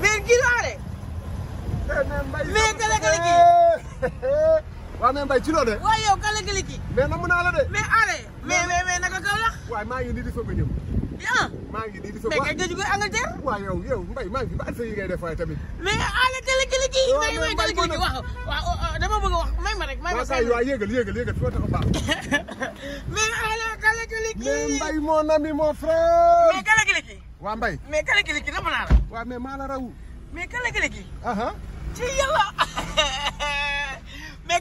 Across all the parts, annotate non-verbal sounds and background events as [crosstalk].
mais giraare. mais kala kala kii. waaw mais Mbaye ci loolu de. waaw yow kala kala kii. mais namu naa la de. mais aare. mais mais mais naka kaw la. waaw maa ngi nii di soog a ñëw. ah. maa ngi nii di soog a. mais kay nga jógee Angleterre. waaw yow yow Mbaye maa ngi fi ba àll yi ngay def waaye tamit. mais aare kala kala kii. waaw mais Mbaye kala kii waaw waaw dama bëgg a wax may ma rek. may ma saa yi waaw yëgal yëgal yëgal fi ma tax a baax. [laughs] mais aare kala kala kii. mais Mbaye mon ami mon frère. mais kala kala kii. waa Mbaye. mais kale kile ki dafa naa la. waaw mais maa la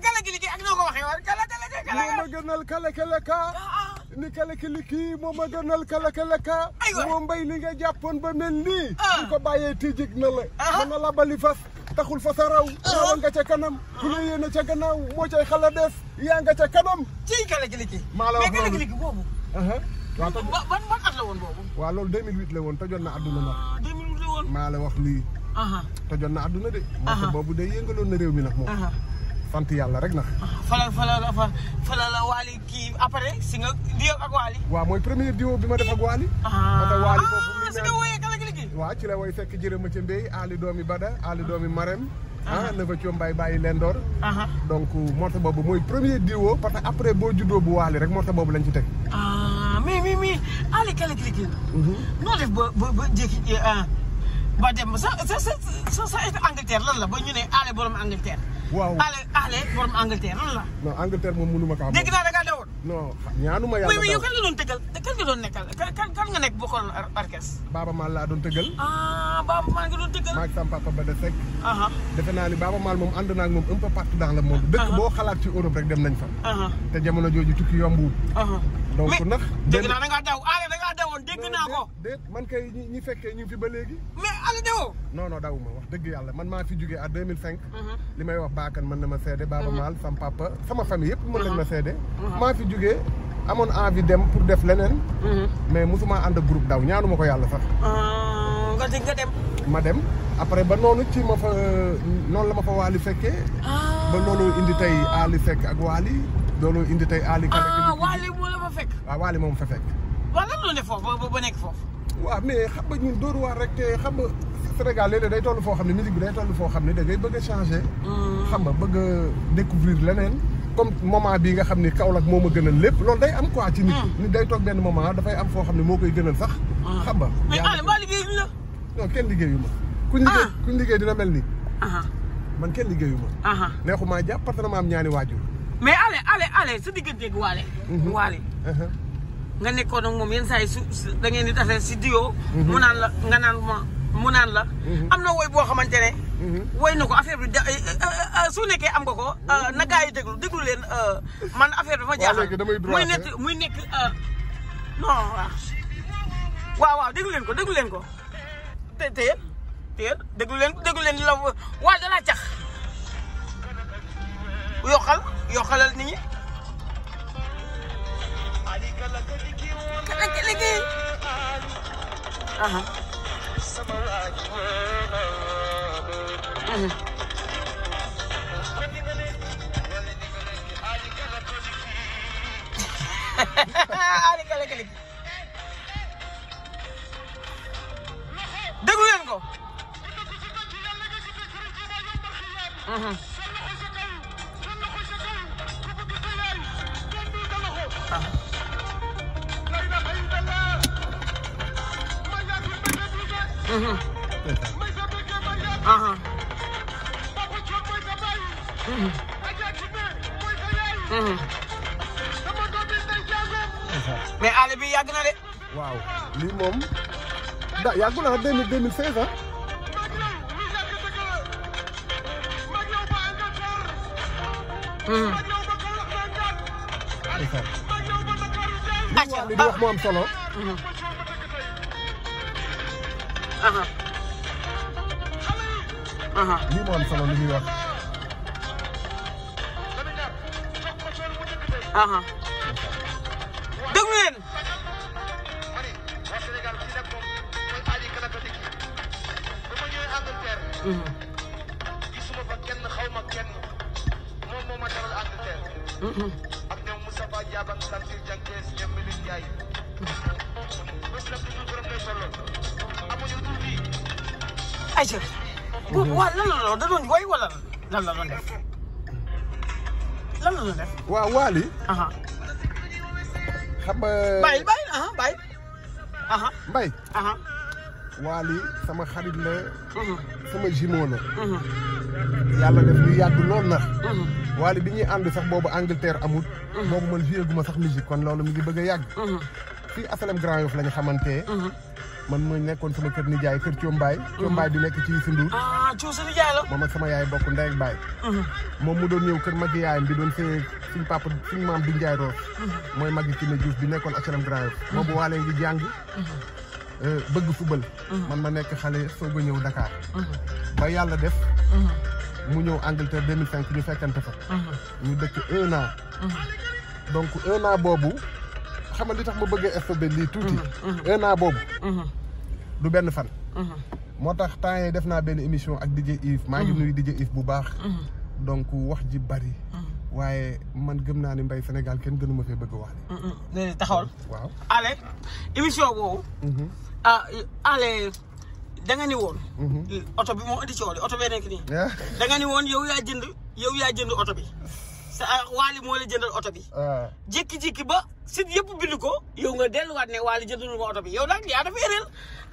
[laughs] ak noo ko waxee war kale moo ma gënal kale ni kale moo ma gënal kale kale ka. aywa moo nga jàppoon ba mel nii. Ah. bu ko bàyyee tijjig na la. mën na la fas. taxul fa sa raw. Ah. raw kanam. Ah. ku la ca gannaaw moo cay xala des. yaa kanam. ci kale kile ki. maa la wax noonu woon boobu. waaw loolu 2008 la woon tojoon na àdduna nag. 2008 ah, la woon maa la wax lii. tojoon na àdduna de. moto boobu day yëngaloon na réew mi nag moom. sant yàlla rek nag. fala fala fa fala la waali kii après si nga diw ak waali. waaw mooy premier diwo ma def ak waali. ah, ah waaw ci la woy fekk jëre ma ca mbéy Ali doomi Bada Ali ah. doomi Marème. ah ne ko Thion Mbaye bàyyi leen door. donc morceau boobu mooy premier diwo parce que après boo juddoo bu waali rek morceau boobu lañ ci teg. Aly Kelle Kelle Kelle noo def ba ba ba jékki eh, ba dem sa sa sa sa état Angleterre lan la ba ñu ne Aly borom Angleterre. waaw Aly Aly borom Angleterre lan la. non Angleterre moom mënu ma kaa. dégg naa da ngaa dewoon. non ñaanu ma yàlla. mais mais yow kan nga doon tëggal kan nga doon nekkal kan kan nga nekk bokkoon orchestre. Baaba Maal laa doon tëggal. ah Baaba Maal nga doon tëggal. maa ngi sama ba de Seck. defe naa ni Baaba Maal moom ànd ak moom un peu partout dans le boo xalaat ci Europe rek dem nañ fa. te jamono jooju donc nag dégg naa da ngaa daw ale ah, da dawoon dégg naa ko. man kay ñi fekkee ñu ngi fi ba léegi. mais ale dawoo. non non dawuma wax dëgg yàlla man maa fi jugee mille cinq mhm. li may wax baakan mën na ma seede. Baba mhm. Maal sama sama famille yëpp mën nañ ma mhm. seede. maa fi jugee amoon envie dem pour def leneen. mais mosuma ànd ak groupe daw ñaanuma ko yàlla sax. Euh, dem. ma dem après ba noonu ci ma fa euh, noonu la ma fa waali fekkee. Ah. ba loolu indi tey Ali Seck ak waali loolu indi tey Ali. ah Waly moo la fa fekk. waaw ah, Waly moom fa fekk. waaw lan la def foofu ba nekk foofu. waaw mais xam nga ñun Dóor waar rek te xam nga Sénégal leen day toll foo xam ne musique bi day toll foo xam ne da bëgg a changé. Hmm. xam nga bëgg a découvrir leneen. comme moment bii nga xam ni Kaolack moom ma gënal lépp loolu day am ko quoi. ci nit hmm. nit day toog benn moment dafay am foo xam ne moo koy gënal sax. Hmm. xam nga mais Aliou mbaa liggéeyuñu kenn liggéeyu ma. kuñ liggéey ah. kuñ mel nii. man kenn liggéeyu ma. neexu maa jàpp parce que am ñaani waajur. mais ale ale ale sa digganteeg waale. Mhm. waale. Uh-huh. nga nekkoon ak moom yenn saa su da ngeen di tase si diwo. Mhm. mu naan la nga naan ma mu naan la. Mhm. am na woy boo xamante ne. woy na ko affaire bi da eh, eh, eh, su nekkee am ga ko euh, na gaa yi déglu déglu leen euh, man affaire bi ma jaaxal. muy nekk muy nekk euh, non waaw. waaw waaw ko déglu leen ko te teel teel déglu leen déglu leen la waa dalaa cax yokkal. yokkalal nit ñi. kala liggéey. Aly Kala Kala Kii mais àll bi yàgg na de. waaw lii moom da yàggu na deux mille deux mille seize ah. Hmm. li wax moo am solo. Hmm. Uh-huh. Uh-huh. lii moo am solo li ñuy wax. déglu leen. gisuma fa kenn xaw ma kenn moom moo ma dalal Angleterre. ak ñoom Moustapha Diabane Santir Diakes ñoom Mbile Ndiaye. ayca. Mhm. waaw lan la lool da doon woy wala waaw Waly. xam nga. Baye sama xarit la. Mhm. sama jumeau la. Mhm. yàlla def ñu yàgg lool na. Waly bi ñuy ànd sax boobu Angleterre amul. boobu man joué gu ma sax musique kon loolu mu ngi bëgg yàgg. fii asalem Grand Yoff la ñu xamante man mooy nekkoon sama kër nijaay kër Coombaay. Coombaay bi nekk ci Youssou Ndour. ah Youssou nijaay moom ak sama yaay bokk ndey ak baay. Mhm. moom mu doon ñëw kër mag yaayam bi doon see suñ papa suñ maam bi Ndiaye Roos. Mhm. mooy mag ci ne Diouf bi nekkoon HLM Grand Yoff. Mhm. boobu waalee ngi jàng. Euh, bëgg fubal. man ma nekk xale soog a ñëw Dakar. ba yàlla def. mu ñëw Angleterre 2005 ñu fekkante fa. ñu dëkk un an. donc boobu. xamal li tax ma bëgg a FB tuuti. un mhm, mhm. boobu. Mhm. du benn fan. moo tax temps yi def naa benn émission ak DJ Yves. maa ngi nuyu DJ bu baax. donc wax ji bari. waaye man gëm naa ni mbay Sénégal kenn gënu ma fee bëgg wax. léegi taxawal. waaw ale émission boobu. ah ale da ni woon. oto bi moo indi coow li oto nii. da ni woon yow yaa jënd yow yaa jënd oto bi. sa ah, waali moo la jëndal oto bi. jékki-jékki ba sit yëpp bind ko yow nga delluwaat ne waali jëndalul oto bi yow daal yaa dafa ereel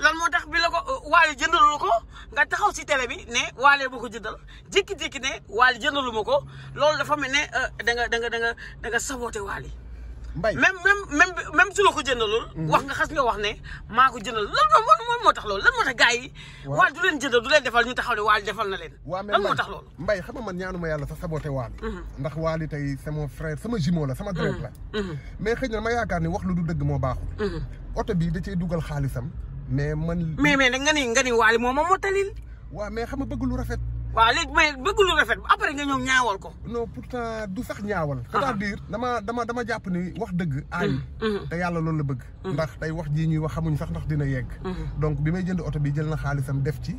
lan moo tax bi la ko euh, waali jëndalul ko nga taxaw si télé bi ne waalee ma ko jëndal jékki-jékki ne waali jëndalu ma ko loolu dafa mel ne euh, da nga da nga da nga da nga saboote waali mbay même même même même su la ko jëndalool. Mhm. wax nga xas nga wax ne maa ko jëndal lan moo moo tax loolu lan moo tax gars yi. waaw du leen jëndal du leen defal ñu taxaw ne waal defal na leen. lan moo tax loolu mbay xam nga man ñaanuma yàlla sax saboté waali mhm. ndax waali tey sama frère sama jumeau la sama deret la. Mhm. mais xëy na ma yaakaar ni wax lu du dëgg moo baaxul. oto bi da cee dugal xaalisam mais man. mais mais nag nga ni nga ni moo ma mottalil. waaw mais xam nga bëgg lu rafet. waaw léegi mais bëgg lu après nga ñëw ñaawal ko. non pourtant du sax ñaawal. Ah. cest à dama dama dama jàpp ni wax dëgg. aay mm, mm. te yàlla loolu la bëgg. Mm. ndax tey wax jii ñuy wax xamuñ sax ndax dina yegg. donc bi may jënd oto bi jël na xaalisam def ci.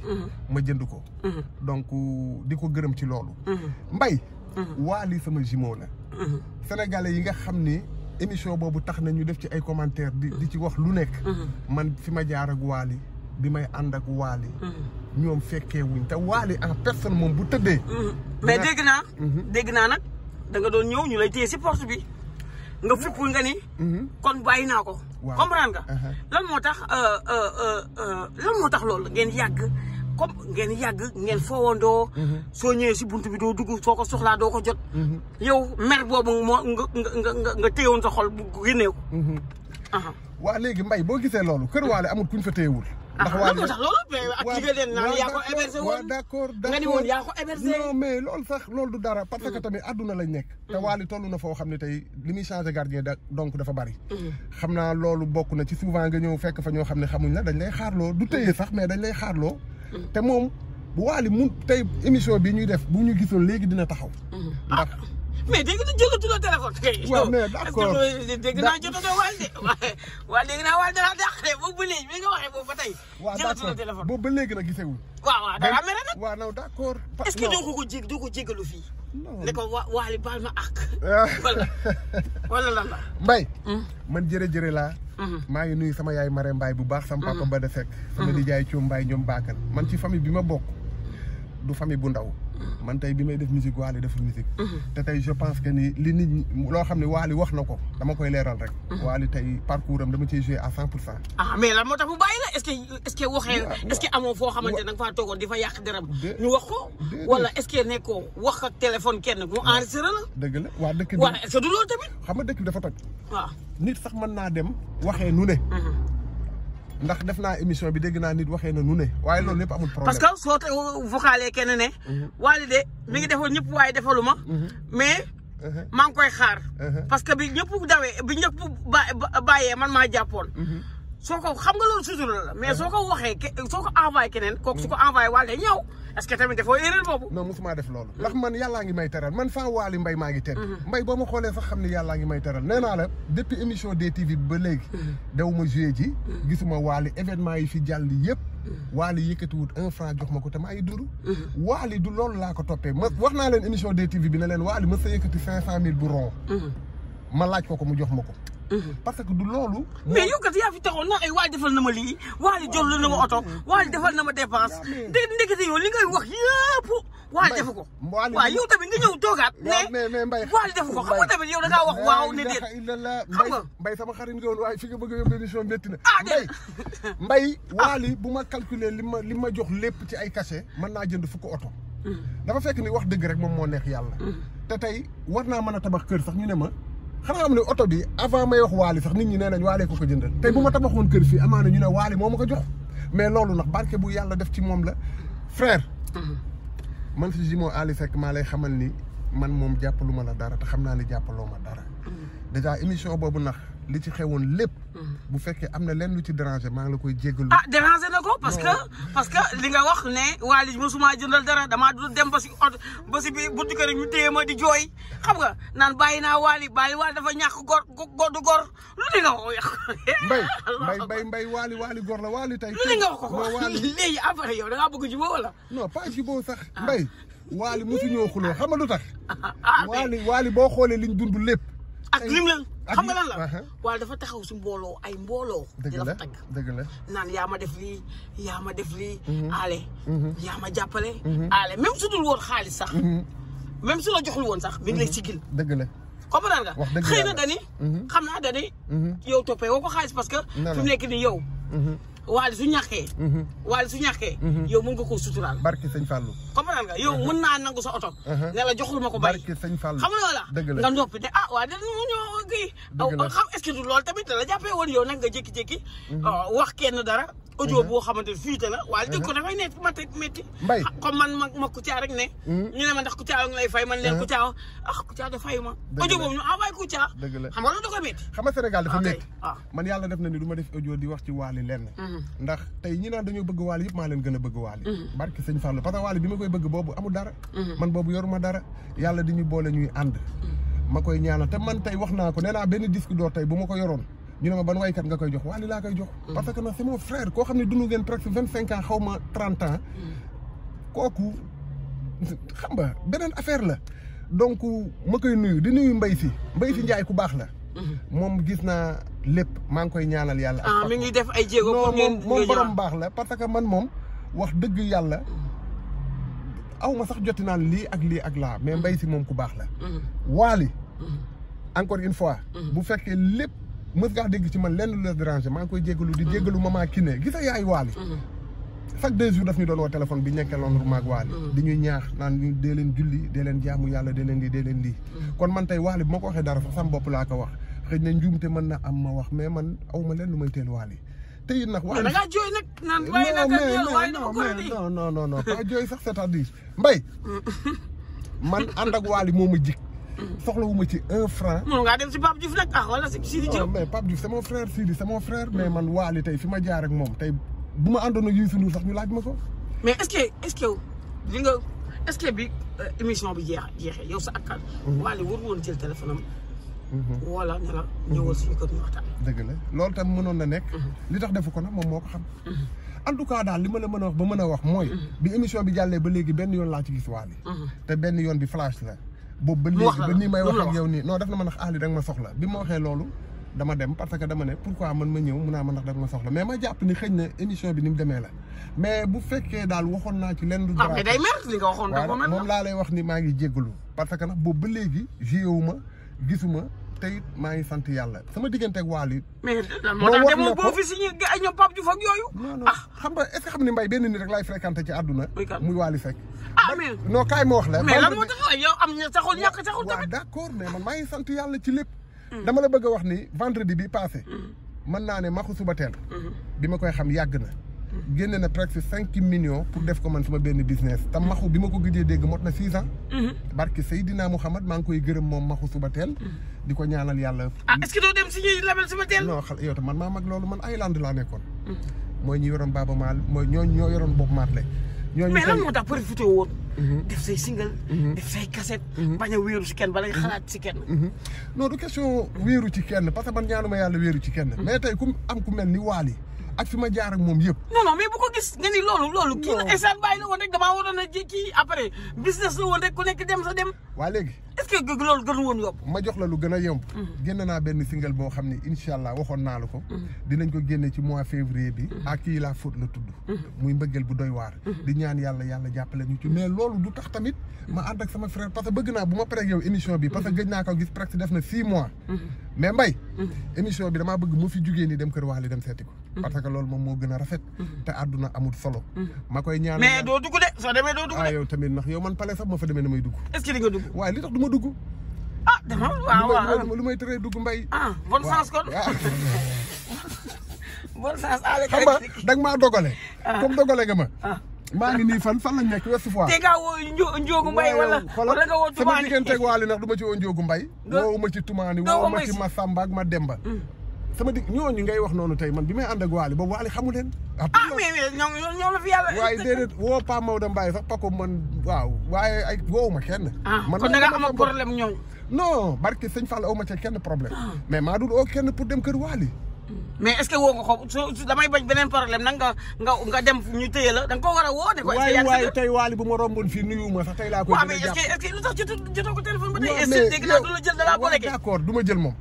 ma jënd ko. donc euh, di ko gërëm ci loolu. mbay. waa lii sama jumeau la. sénégalais yi nga xam ni émission boobu tax na ñu def ci ay commentaire di di ci wax lu nekk. man fi ma jaar ak waali bi may ànd ak waali ñoom fekkee wuñ te waale a personne moom bu tëddee. Mhm. mais dégg naa. Mhm. dégg naa nag da nga doon ñëw ñu lay téye si porte bi nga fippul nga ni. Mhm. kon bàyyi naa ko. comprendre nga. Uh-huh. lan moo tax euh, euh, euh, lan moo tax loolu ngeen yàgg comme ngeen yàgg ngeen foowandoo. soo ñëwee si bunt bi doo dugg soo ko soxlaa doo ko jot. yow mer boobu moo nga nga nga téyewoon sa xol bu génneeku. waa léegi mbay boo gisee loolu kër waale amul kuñ fa téyewul. ndax waa moo tax loolu ak liggéey leen naan yaa ko d'accord nga mais lool sax lool du dara parce que mm. tamit àdduna lañ nekk te mm. Wally toll na foo xam ne tey li muy changé gardien da donc dafa bari mm. xam naa loolu bokk na ci souvent nga ñëw fekk fa ñoo xam ne xamuñ la dañ lay xaarloo du tëye sax mais dañ lay xaarloo te moom bu Wally mun tey émission bi ñuy def bu ñu gisoon léegi dina taxaw ndax ah. mais dégg nga jëlatu la téléphone. waaw mais d' dégg naa jot a waal de waaw dégg naa waal dara de boobu ba léegi bi nga waxee boobu ba tey. boobu ba léegi nag gisewul. waaw waaw dara mere nag. waaw non d' que doo ko ko jég doo ko fii. ne waali baal ma àq. Ah. [laughs] wala wala lan la. Mbaye. Hmm? man jërëjërë laa. Hmm. maa ngi nuyu sama yaay Mare Mbaye bu baax. sama papa hmm. Bada Seck. sama nijaay Thiaw Mbaye ñoom Baakal man ci famille bi ma bokk du famille bu ndaw man tay bi may def musique Wally def musique mhm. te tey je pense que ni li nit ñi loo xam wax nako dama koy leeral rek mhm. wali tay parcoursam dama ciy jouer à 100% ah mais la motax bu mu est-ce que est-ce que waxee ah, est-ce que amoo fo xamante nak fa togon difa yak deram ñu wax ko wala est-ce que nekkoo wax ak téléphone kenn mu ah, enregistré la deug la wa deuk bi waa est-ce que du loolu tamit xam nga deuk bi dafa toj wa nit sax man na dem waxee nu ne mhm ndax def naa émission bi dégg naa nit waxee na nu ne waaye loolu lépp amul problème. parce que soo te vocalé kenn ne. Mhm. Wally de mi ngi defoon ñëpp waaye defaluma. Mhm. mais mhm. maa ngi koy xaar. parce que bi ñëpp dawee bi ñëpp bàyyee man maa jàppoon. soo ko xam nga loolu sutura la mais soo ko waxee soo ko envoyé keneen kooku su ko envoyé waale ñëw est-ce que tamit dafoo erreur boobu non musuma def loolu ndax man yàllaa ngi may teral man faa waali mbay maa ngi ter mbay boo ma xoolee sax xam ne yàllaa ngi may teral nee naa la depuis émission DTV bi ba léegi daw ma joué ji gisuma waali événement yi fi jàll yëpp waali yëkkatiwut un franc jox ma ko te maa ngi dund waali du loolu laa ko toppee ma wax naa leen émission DTV bi ne leen waali ma sa yëkkati cinq cent mille bu ron ma laaj ko ko mu jox ma ko Mm-hmm. parce que du loolu. mais yow kat yaa fi taxoon na ay waay defal na ma lii waay jor na ma oto mm-hmm. waay defal na ma dépense dégg ndekete yow li ngay wax yëpp waay defu ko. waaw yow tamit nga toogaat. mais mais Mbaye waay ko xam nga tamit yow da ngaa wax waaw ne déet. xam mbay sama xarit nga woon waaye fi nga bëgg a yóbbu émission métti na. ah déet [laughs] ah. waali bu ma calculer li ma li ma jox lépp ci ay cachet man naa jënd fukk oto. Mm-hmm. dafa fekk ni wax dëgg rek moom moo neex yàlla. te tey war naa mën a tabax kër sax ñu ne ma xamna auto bi avant may wax waali sax nit ñi nee nañ waalee ko ko jëndal tay buma tabaxoon kër fi amana ñu ne waali moo ko jox mais loolu nak barke bu yàlla def ci mom la frère man si Jimo Ali Seck ma lay xamal ni man mom jàppalu ma la dara ta xamna ni ne jàppaloo dara déjà émission bobu nak li ci xewoon lépp. Mm-hmm. bu fekkee am na leen lu ci déranger maa ngi la koy jégalu. ah déranger na ko parce que parce que li nga wax ne waa li maa jëndal dara damaa dul dem ba si ot ba si biir buntu kër ñu téye ma di jooy xam nga naan bàyyi naa waali bàyyi waali dafa ñàkk gor goddu gor lu di nga wax mbay [laughs] mbay mbay mbay waali la waali tey. lu nga wax ko ko [laughs] léegi après yow da ngaa bëgg jubóo wala. non pas jubóo sax ah. mbay. waali mosu ñoo xuloo xam nga lu tax. [laughs] Ah, waali waali boo xoolee liñ dund lépp. ak lim la xam nga lan la uh-huh. waaye dafa taxaw si mbooloo ay mbooloo. dëgg la tagg naan yaa ma def lii yaa ma def lii. aale. Mm-hmm. Mm-hmm. yaa ma jàppale. aale mm-hmm. même su dul woon xaalis sax. même su la joxul woon sax. mi ngi lay sigil. dëgg la comprendre nga. wax dëgg la xëy na dani. xam naa dani. yow toppee woo ko xaalis parce que. fi mu nekk nii yow. waali su ñàkkee mhm. waali su ñàkkee mhm. yow mën nga koo suturaal barki sëñ Fallou comprendre ga yow mën mhm. naa nangu sa oto ne la joxul ma ko bay barki sëñ Fallou xam nga loola nga noppi ne ah waa da ñoo kii xam est-ce loolu tamit da la jàppee yow nag nga jékki-jékki wax kenn dara audio boo xamante ne fuité la. waaye dégg ko uh-huh. dafay nekk mat ak métti. mbay ah, comme man ma ma Kouthia rek ne. Hmm. ñu ne ma ndax Kouthia ngi lay fay man leen uh-huh. Kouthia ah Kouthia da fay ma. audio boobu ñu envoyé Kouthia. dëgg xam nga loolu da koy métti. xam nga Sénégal ah. man yàlla def na ni du ma def audio di wax ci Wally lenn. Hmm. ndax tey ñi naan dañoo bëgg Wally yëpp maa leen gën a bëgg Wally. Hmm. barke sëñ Fallou parce que Wally bi ma koy bëgg boobu amul dara. man boobu yoruma dara yàlla di ñu boole ñuy ànd. ma koy ñaanal te man tey wax naa ko nee naa benn disque doo tey bu ma ko yoroon ñu ne ma ban waykat nga koy jox Wally laa koy jox. Mm. parce que nag c'est mon frère koo xam ne dund ngeen presque vingt cinq ans xaw ma trente ans. Mm. kooku xam nga beneen affaire la. donc ma koy nuyu di nuyu mbay si mbay si mm. Ndiaye ku baax la. Mm-hmm. moom gis naa lépp maa ngi koy ñaanal yàlla. ah mi ngi def ay jéego pour ngeen moom borom baax la parce que man moom wax dëgg yàlla. aw ma sax joti naan lii ak lii ak laa mais mbay si moom ku baax la. Wally encore une fois. bu fekkee lépp. mës ngaa dégg ci man lenn lu la déranger maa ngi koy jégalu di jégalu maman mm. Kiné gisa yaay Waly mm. chaque deux jours daf ñu doon woo téléphone bi ñekkee Londres maag Waly mm. di ñuy ñaax naan ñu dee leen julli dee leen jaamu yàlla dee leen lii dee leen lii kon man tey Waly bu ma ko waxee dara sax sama bopp laa ko wax xëy na njuumte mën na am ma wax mais man awma leen lu may teel Waly te it nag waaye da ngaa jooy nag na ko di non non sax c'est-à-dire man ànd ak Waly moo ma jik soxlawuma ci un franc. mun ngaa dem si Pape Diouf nag ah wala si Sidi ah, mais Pape Diouf c'est mon frère Sidi c'est mon frère mais man Waly tay fi ma jaar ak mom tay buma ma àndoon ak sax ñu laaj ma ko. mais est-ce que est-ce que li nga est-ce que bi euh, émission bi jeex jeexee yow sa akal. Mhm. Waly war won ci téléphone am. wala mhm. ne la suñu ko ñu waxtaan. dëgg la loolu tam mënon na nek. Mhm. li tax defu ko nag moom moo xam. en tout cas daal li ma la mëna wax ba mëna wax moy bi émission bi jallé ba légui ben yoon la ci gis Waly. te ben yoon bi flash la. boobu ba léegi ba nii may wax ak yow nii noo daf na ma ndax aali da nga ma soxla bi ma waxee loolu dama dem parce que dama ne pourquoi man ma ñëw mun naa ma ndax da nga ma soxla mais ma jàpp ni xëy na émission bi ni mu demee la mais bu fekkee daal waxoon naa ci lenn. du dara day mer li nga waxoon moom laa lay wax ni maa ngi jéggalu parce que nag boobu ba léegi gisuma te maa ngi sant yàlla sama digganteeg waal it. mais si ñoom Pape ak yooyu. ah xam nga est xam ne mbay benn nit rek laay fréquenté ci àdduna. muy waali fekk. Ah, ma wax la. mais lan moo tax yow am na d' accord mais man maa ngi sant yàlla ci lépp. Mm. dama la bëgg a wax ni vendredi bi passé. man mm. naa ne maxu suba teel. Mm-hmm. bi ma koy xam yàgg na. Mm. génne na presque cinq millions pour def ko man sama benn business te maxu bi ma ko gëjee dégg mot na six ans. Mm-hmm. barke Seydina Mouhamad maa ngi koy gërëm moom maxu suba teel. di ko ñaanal yàlla. ah est dem si ñuy label sama teel. non xal man maa mag loolu man Ireland laa nekkoon. Mm. mooy ñi yoroon Baaba Maal mooy ñoo ñoo yoroon Bob Marley. ñooñu ñoo lan tax profité woon. Mm-hmm. def say single. Mm-hmm. def say mm-hmm. a wéeru si kenn bala nga xalaat si kenn. non du question wéeru ci kenn parce que man ñaanuma yàlla wéeru ci kenn. mais tey ku am ku mel ni Waly ak fi ma jaar moom yëpp. non non ko gis nga ni loolu loolu. kii la instant bàyyi la woon rek damaa waroon a ji kii après business dem sa dem. waa léegi. est-ce que loolu gën woon yomb ma jox la lu gën a yomb mm-hmm. génn naa benn single boo xam ne incha waxoon naa la ko mm-hmm. dinañ ko génne ci mois février bi ak mm-hmm. kii la faute la tudd muy mbëggeel bu doy waar di ñaan yàlla yàlla jàppale ñu ci mais loolu du tax tamit ma ànd ak sama frère parce que bëgg naa bu ma paree yow émission bi parce que gëj naa ko gis presque def na six mois mais mbay émission bi damaa bëgg mu fi jugee nii dem kër wax li dem seeti ko parce que loolu moom moo gën a rafet te àdduna amul solo ma koy ñaan mais doo dugg de ah, man pale sax ma fa demee dugg. ah dama lu may tëree dugg mbay. da ah, [laughs] nga maa dogale. Ah. comme dogale nga ma. Ah. maa ngi nii fan fan lañ nekk Ouest Foire. te nga woo Ndiogu Mbaye wala wala nga woo Tumaani du ma ci woo Ndiogu Mbay. doo ma ci Tumaani woo ma ci Masamba ak Mademba. Mm. sama dig ñooñu ngay wax noonu tey man bi may ànd ak Waly boobu Waly xamu leen. a ah, mais yàlla. waaye déedéet woo Pa Maodo baay sax Paco man waaw waaye ay woowu ma kenn. Ah, man kon da nga am problème ñooñu. non barke sëñ Fall aw ma ca kenn problème. Ah. mais maa dul oo kenn pour dem kër Waly. mais est-ce que woo nga ko soo damay bañ beneen problème nag nga nga nga dem ñu téye la da koo war a woo. ne ko est-ce que waay tey waali bu ma romboon fii nuyu ma sax tey laa ko gën a jàpp waaw ko téléphone ba tey. est-ce que dégg naa du la jël da laa bloqué. d'accord du ma jël moom.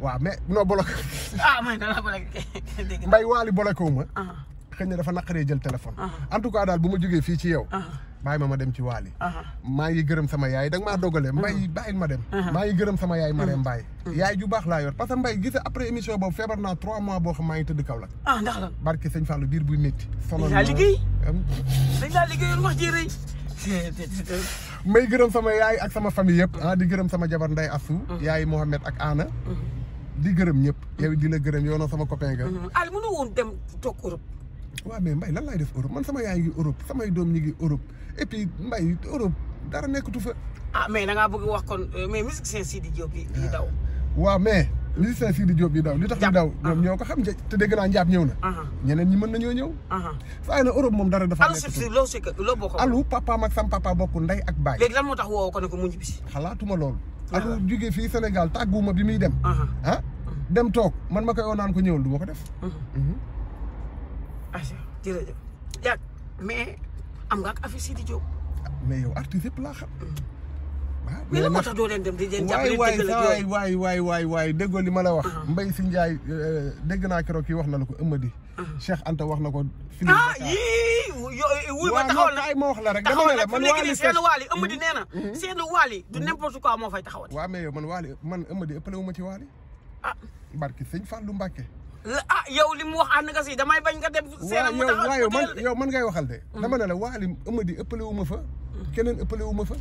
waaw mais non bloqué. ah man da laa bloqué. [laughs] mbay waali bloqué wu ma. xëy na dafa naqaree jël téléphone en tout cas daal bu ma jógee fii ci yow bàyyi ma ma dem ci waali maa ngi gërëm sama yaay da nga maa dogale mbay bàyyil ma dem maa ngi gërëm sama yaay Marème Mbaye yaay ju baax laa yor parce que mbay gis après émission boobu feebar naa trois mois boo xam maa ngi tëdd Kaolack ah ndax la barke sëñ Fallou biir buy métti sonal dañ laa gërëm sama yaay ak sama famille yëpp ah di gërëm sama jabar Ndeye Assou yaay Mohamed ak Anna di gërëm ñëpp yow dina gërëm yow sama copain nga al mënu dem toog waaw mais mbay lan laay def Europe man sama yaay ngi Europe samay doom ñi ngi Europe et mbay Europe dara nekkatu fa. ah mais da ngaa bëgg wax kon euh, mais musicien Sidi Diop yi di daw. Ah. waaw mais musicien Sidi Diop yi daw li tax ñu daw. ñoom ah. ñoo ko xam nja te dégg naa njaab ñëw na. Ah. ñeneen ñi mën nañoo ñëw. saa na Europe moom dara dafa nekkatu fa loo sekk loo bokk alu papaam ak sam papa bokk ndey ak baay. léegi moo tax woo ko ne ko mu ñibbisi. xalaatuma lool alu jógee fii Sénégal ma bi muy dem. ah dem toog man ma koy oo naan ko ñëwal du ma ko def. Mm-hmm. Mm-hmm. ayca jërëjëf yàgg am nga ak affaire Sidi Diop. mais yow artiste yëpp laa xam. Hmm. Ah, dem di waay waay waay waay waay li ma la wax. Uh-huh. Mbaye si Ndiaye euh, euh, dégg naa keroog kii wax na la ko Amady. Uh-huh. Cheikh Anta wax na ko. fii ah yii eh, wuy ma taxawal na ma wax la rek. dama ne la man Waly Seck seen Waly Amady nee na. man Waly man Amady ëppale wu ma ci Waly. ah barki sëñ Fallou Mbacke. ah yow li mu wax ànd nga si damay bañ nga dem. seen mu taxaw yow man yow man ngay waxal de. dama ne la waali ëmadi ëppale wu ma fa. keneen ëppale wu ma fa.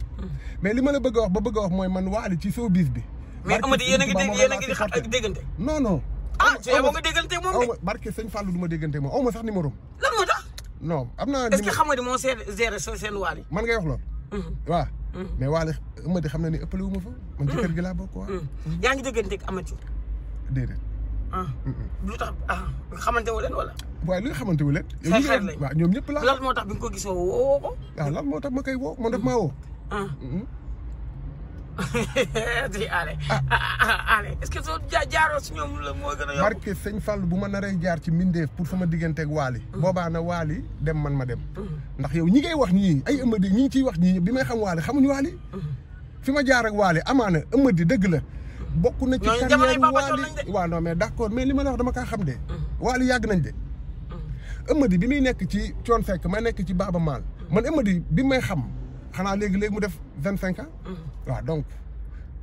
mais li ma la bëgg a wax ba bëgg a wax mooy man waali ci showbiz bi. mais ëmadi yéen a ngi dégg yéen a ngi xa déggante. non non. ah ci yow nga déggante moom de. barke sëñ Fallou du ma déggante moom aw ma sax numéro lan moo tax. non am naa. est-ce que xam nga ni moo seen gérer seen waali. man ngay wax loolu. waaw. mais waali ëmadi xam na ni ëppale wu ma fa. man ci kër gi laa bokk waaw. yaa ngi déggante ak Amady. déedéet Ah. lu tax ah xamante wu li xamante wu leen. say xarit lañ ñoom ñëpp la. lan moo tax bi nga ko gisoo woo moo tax ma koy woo moom daf maa woo. Ah. Mm-hmm. [laughs] di ah. a yomb. sëñ Fall bu ma naree jaar ci Mbindeef pour sama diggante Waali. Mm. boobaa na Waali dem man ma dem. Mm. ndax yow ñi ngay wax ñii ay ëmb di ñi ciy wax ñii bi may xam Waali xamuñ Waali. Mm. fi ma jaar ak Waali amaana ëmb di dëgg la. bokk na ci carrière Wally waaw non mais d' accord mais li ma la wax dama kaa xam de mm-hmm. Wally yàgg nañ de mm-hmm. Eumeudi bi muy nekk ci coon fekk ma nekk ci Baaba Maal mm-hmm. man Eumeudi bi may xam xanaa léegi-léegi mu def vingt cinq ans waaw donc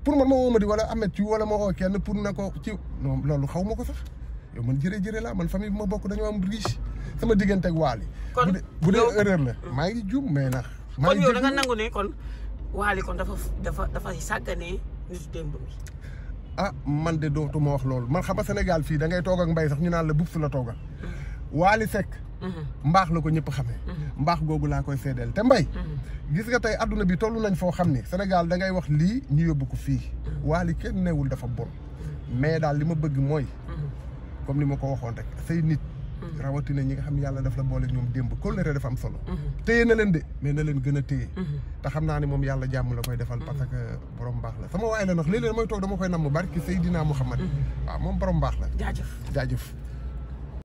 pour man ma woo Eumeudi wala Ameth ci wala ma kenn pour na ko ci non loolu xaw ma ko sax yow man jërë-jërë laa man famille bi ma bokk dañoo am riche sama diggante ak Wally bu dee erreur la maa ngi juum mais nag maa ngi juum kon yow kon Wally kon dafa dafa dafa sàgganee nitu démb bi ah man de ma wax loolu man xam nga Sénégal fii da ngay toog ak mbay sax ñu naan la Boups la toogal. Waly Seck. mbaax la ko ñëpp xamee. mbaax googu laa koy seedeel te mbay. gis nga tey adduna bi toll nañ foo xam ni Sénégal da ngay wax lii ñu yóbbu ko fii. Waly kenn newul dafa bon. mais daal li ma bëgg mooy. comme li ma ko waxoon rek say nit. Mm-hmm. rawatina ñi nga xam ne yàlla daf la boole ñoom démb kóllëre dafa am solo mm-hmm. téye na leen de mais na leen gën a téye mm-hmm. te xam naa ne moom yàlla jàmm la koy defal parce que borom baax la sama waay la nax léeg-léeg toog dama koy namm barki Seydina Muhammad waaw moom borom baax la jaajëf jaajëf